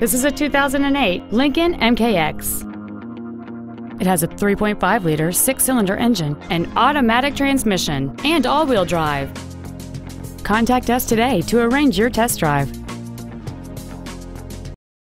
This is a 2008 Lincoln MKX. It has a 3.5-liter six-cylinder engine, an automatic transmission, and all-wheel drive. Contact us today to arrange your test drive.